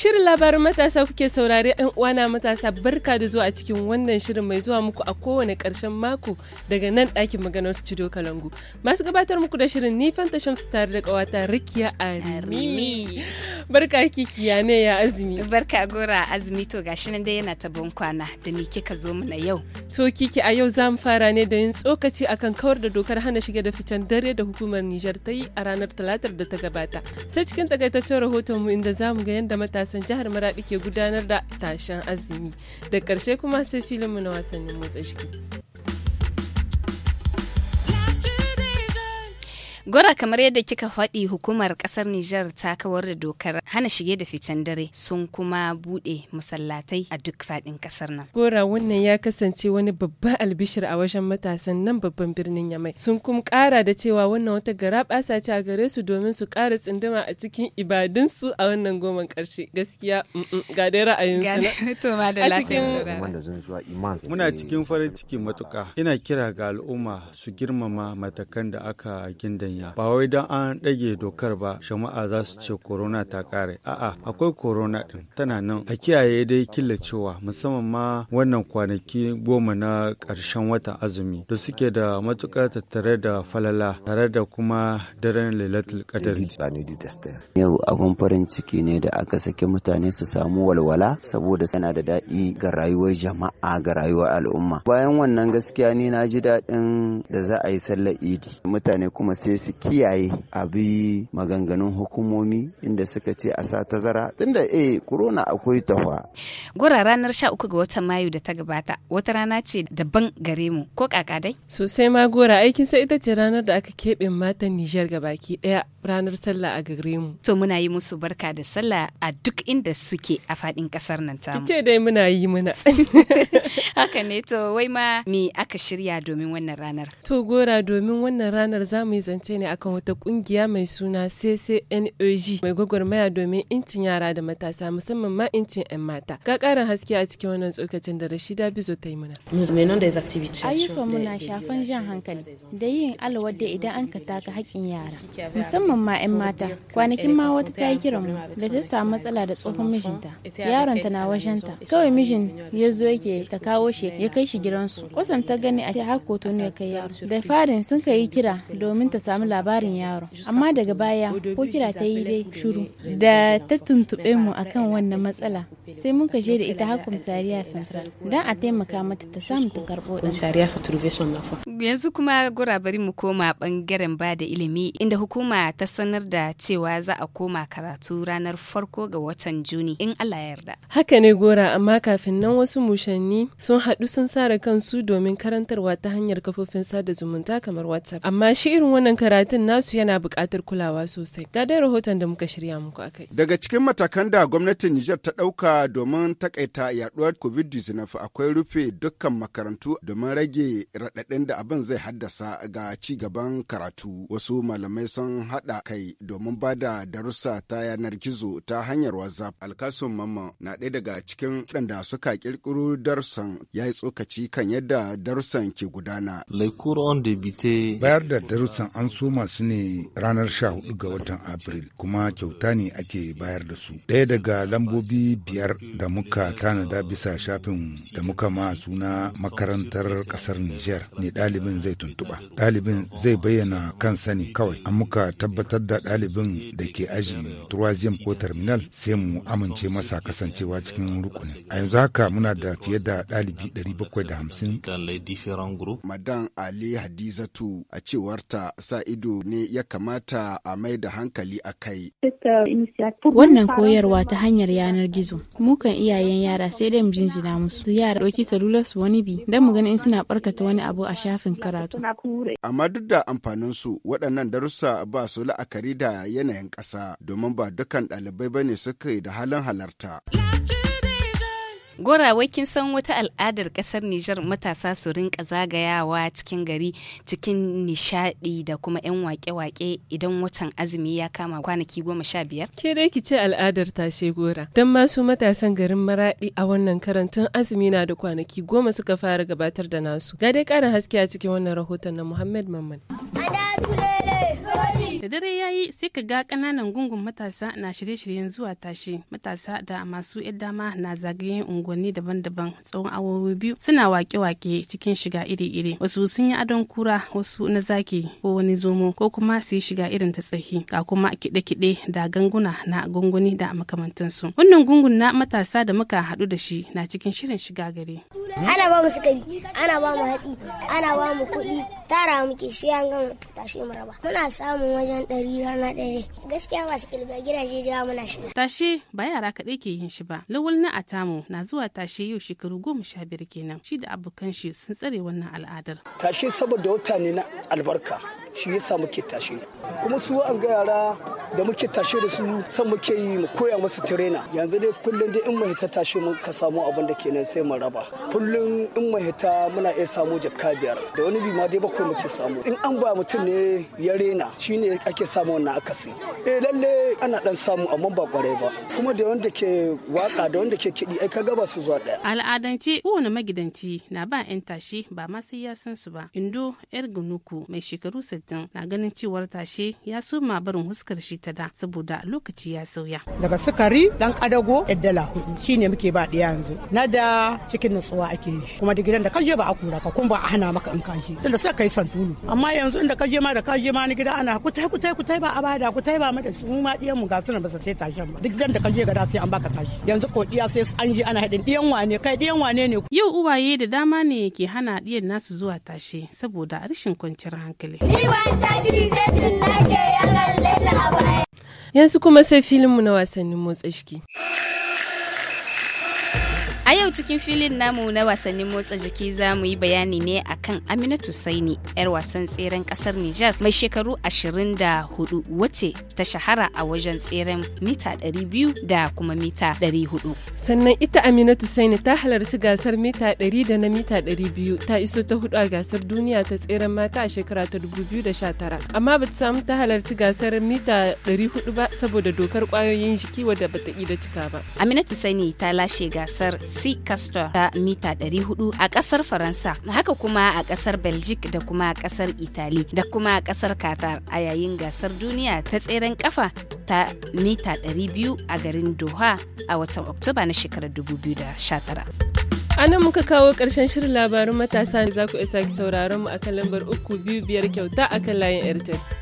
Shirin labarin matasa kuke saurari ‘yan uwana matasa barka da zuwa a cikin wannan shirin mai zuwa muku a kowane ƙarshen mako daga nan ɗakin maganar studio Kalangu. Masu gabatar muku da shirin ni Fanta Shamsu tare da ƙawata Rikiya Arimi. barka kiki ya ne ya azumi barka gora azumi to gashi nan dai yana tabon kwana da me kika zo mana yau to kiki a yau za mu fara ne da yin tsokaci akan kawar da dokar hana shige da fitan dare da hukumar Nijar ta yi a ranar talatar da ta gabata sai cikin takaitaccen rahoton mu inda za mu ga yadda matasan jihar Maradi ke gudanar da tashen azumi da karshe kuma sai filin mu na wasannin motsa jiki Gora kamar yadda kika faɗi hukumar ƙasar Nijar ta kawar da dokar hana shige da fitan dare sun kuma buɗe masallatai a duk faɗin ƙasar nan. Gora wannan ya kasance wani babban albishir a wajen matasan nan babban birnin Yamai. Sun kuma ƙara da cewa wannan wata gara ɓasa ce a gare su domin su ƙara tsinduma a cikin su a wannan goman ƙarshe. Gaskiya ga dai ra'ayinsu. To Muna cikin farin ciki matuƙa. Ina kira ga al'umma su girmama matakan da aka gindan ba wai don an ɗage dokar ba Shama'a za su ce korona ta ƙare a'a akwai korona ɗin tana nan a kiyaye dai killacewa musamman ma wannan kwanaki goma na ƙarshen watan azumi da suke da matuƙar tattare da falala tare da kuma daren lailatul qadari yau abun farin ciki ne da aka saki mutane su samu walwala saboda yana da daɗi ga rayuwar jama'a ga rayuwar al'umma bayan wannan gaskiya ne na ji daɗin da za a yi sallar idi mutane kuma sai su kiyaye a bi maganganun hukumomi inda suka ce a sa tazara tunda eh corona akwai tafa. Gora ranar 13 ga watan Mayu da ta gabata wata rana ce daban gare mu ko kaka dai? Sosai ma gora aikin sai ita ce ranar da aka keɓe matan Nijar gabaki daya ranar sallah a gare mu. To muna yi musu barka da sallah a duk inda suke a faɗin kasar nan tamu. Kice dai muna yi muna. Haka ne to wai ma me aka shirya domin wannan ranar? To gora domin wannan ranar za mu yi zance zance ne akan wata kungiya mai suna CCNOG e mai gwagwarmaya domin incin yara da matasa musamman ma incin 'yan mata. Ka karin haske a cikin wannan tsokacin da Rashida Bizo ta yi muna. Ayyukan muna shafan jan hankali da yin alawar da idan an ka taka haƙƙin yara musamman ma 'yan mata. Kwanakin ma wata ta yi kiran mu da ta samu matsala da tsohon mijinta. Yaron ta na wajenta. Kawai mijin ya zo yake ta kawo shi ya kai shi gidansu. Kwasan ta gani a ta har kotu ya kai yaro. Da farin sun ka yi kira domin ta samu samu labarin yaro amma daga baya ko kira ta yi dai shuru da ta tuntuɓe mu akan wannan matsala sai mun je da ita hakum sariya central don a taimaka mata ta samu ta karɓo yanzu kuma gura bari mu koma bangaren ba da ilimi inda hukuma ta sanar da cewa za a koma karatu ranar farko ga watan juni in allah yarda haka ne gora amma kafin nan wasu mushanni sun haɗu sun sare kansu domin karantarwa ta hanyar kafofin sada zumunta kamar whatsapp amma shi irin wannan karatun nasu yana buƙatar kulawa sosai. Ga dai rahoton da muka shirya muku akai. Daga cikin matakan da gwamnatin Nijar ta ɗauka domin takaita yaduwar COVID-19 akwai rufe dukkan makarantu domin rage raɗaɗin da abin zai haddasa ga ci gaban karatu. Wasu malamai sun haɗa kai domin ba da darussa ta yanar gizo ta hanyar WhatsApp. Alkasun Mamman na ɗaya daga cikin kiran da suka ƙirƙiro darussan ya yi tsokaci kan yadda darussan ke gudana. Bayar da darussan an su masu ne ranar 14 ga watan April kuma kyauta ne ake bayar da su. Ɗaya daga lambobi biyar da muka tanada bisa shafin da muka ma suna makarantar ƙasar niger ne ɗalibin zai tuntuɓa. Ɗalibin zai bayyana kan sani kawai. An muka tabbatar da ɗalibin da ke aji Turwaziyam ko Terminal sai mu amince masa kasancewa cikin rukunin. A yanzu haka muna da fiye da ɗalibi 750. Madan Ali Hadizatu a cewarta sa ido ne ya kamata a mai da hankali a kai. Wannan koyarwa ta hanyar yanar gizo. Mukan iyayen yara sai dai mu jinjina musu. Yara ɗauki salular su wani bi don mu gani in suna barkata wani abu a shafin karatu. Amma duk da amfanin su waɗannan darussa ba su la'akari da yanayin ƙasa domin ba dukkan ɗalibai bane suke da halin halarta. gorawa kin san wata al'adar kasar Nijar matasa su rinka zagayawa cikin gari cikin nishadi da kuma 'yan wake-wake idan watan azumi ya kama kwanaki goma sha biyar? Ke dai ki ce al'adar tashe gora. Don masu matasan garin maraɗi a wannan karantun azumi na da kwanaki goma suka fara gabatar da nasu. Ga dai ƙarin haske a cikin wannan rahoton na Muhammad Mamman. Ada tulere, da dare ya yi sai ka ga ƙananan gungun matasa na shirye-shiryen zuwa tashi matasa da masu yan dama na zagayen unguwanni daban-daban tsawon awowi biyu suna wake-wake cikin shiga iri-iri wasu sun yi adon kura wasu na zaki ko wani zomo ko kuma su yi shiga irin ta tsaki ga kuma kiɗe-kiɗe da ganguna na gunguni da makamantansu wannan gungun na matasa da muka haɗu da shi na cikin shirin shiga gari. ana ba mu sukari ana ba mu hatsi ana ba mu kuɗi tara muke sai an gama tashi mu raba muna samun waje wajen ɗari har ma ɗari gaskiya masu kilga gidaje da yawa muna shiga. tashi ba yara kaɗai ke yin shi ba lawal na atamu na zuwa tashi yau shekaru goma sha biyar kenan shi da abokan shi sun tsare wannan al'adar. tashi saboda wata ne na albarka shi yasa muke tashi kuma su an ga yara da muke tashe da su san muke yi mu koya musu tirena yanzu dai kullum dai in mu hita tashe mun ka samu abin da kenan sai mu raba kullum in mu hita muna iya samu jakka biyar da wani bi ma dai bakwai muke samu in an ba mutum ne ya rena shine ake samu wannan akasi eh lalle ana dan samu amma ba kwarai ba kuma da wanda ke waka da wanda ke kiɗi ai kaga ba su zuwa daya al'adance kowane magidanci na ba 'yan tashe ba ma sai ya san su ba indo ergunuku gunuku mai shekaru 60 na ganin cewar tashe ya suma barin huskar shi ta da saboda lokaci ya sauya daga sukari dan kadago dala hudu shine muke ba ɗaya yanzu na da cikin nutsuwa ake yi kuma da gidan da kaje ba a kura ka kun ba a hana maka in kashi tunda sai kai santulu amma yanzu inda kaje ma da kaje ma ni gida ana ku ku tai ku tai ba a bada ku tai ba mata su ma diyan mu ga suna ba tashin ba duk dan da kaje gada sai an baka tashi yanzu ko diya sai an ji ana haɗin diyan wane kai diyan wane ne yau uwaye da dama ne ke hana diyan nasu zuwa tashi saboda rashin kwanciyar hankali ni ba tashi sai tun nake yalan laila baya yanzu kuma sai filin mu na wasannin motsa shiki A yau cikin filin namu na wasannin motsa jiki za mu yi bayani ne akan Aminatu Saini, 'yar wasan tseren kasar Nijar mai shekaru 24 wace ta shahara a wajen tseren mita 200 da kuma mita 400. Sannan ita Aminatu Saini ta halarci gasar mita 100 da na mita 200 ta iso ta hudu a gasar duniya ta tseren mata a shekara ta 2019. Amma ba ta samu ta halarci gasar mita 400 ba saboda dokar kwayoyin jiki wadda ba ta da cika ba. Aminatu Saini ta lashe gasar Castor ta mita 400 a kasar Faransa, haka kuma a kasar belgique da kuma a kasar Italy da kuma a kasar Qatar a yayin gasar duniya ta tseren kafa ta mita 200 a garin Doha a watan Oktoba na shekarar 2019. A nan muka kawo ƙarshen shirin labarin matasa za ku isa sauraron mu akan lambar uku biyu biyar kyauta a kan layin Airtel.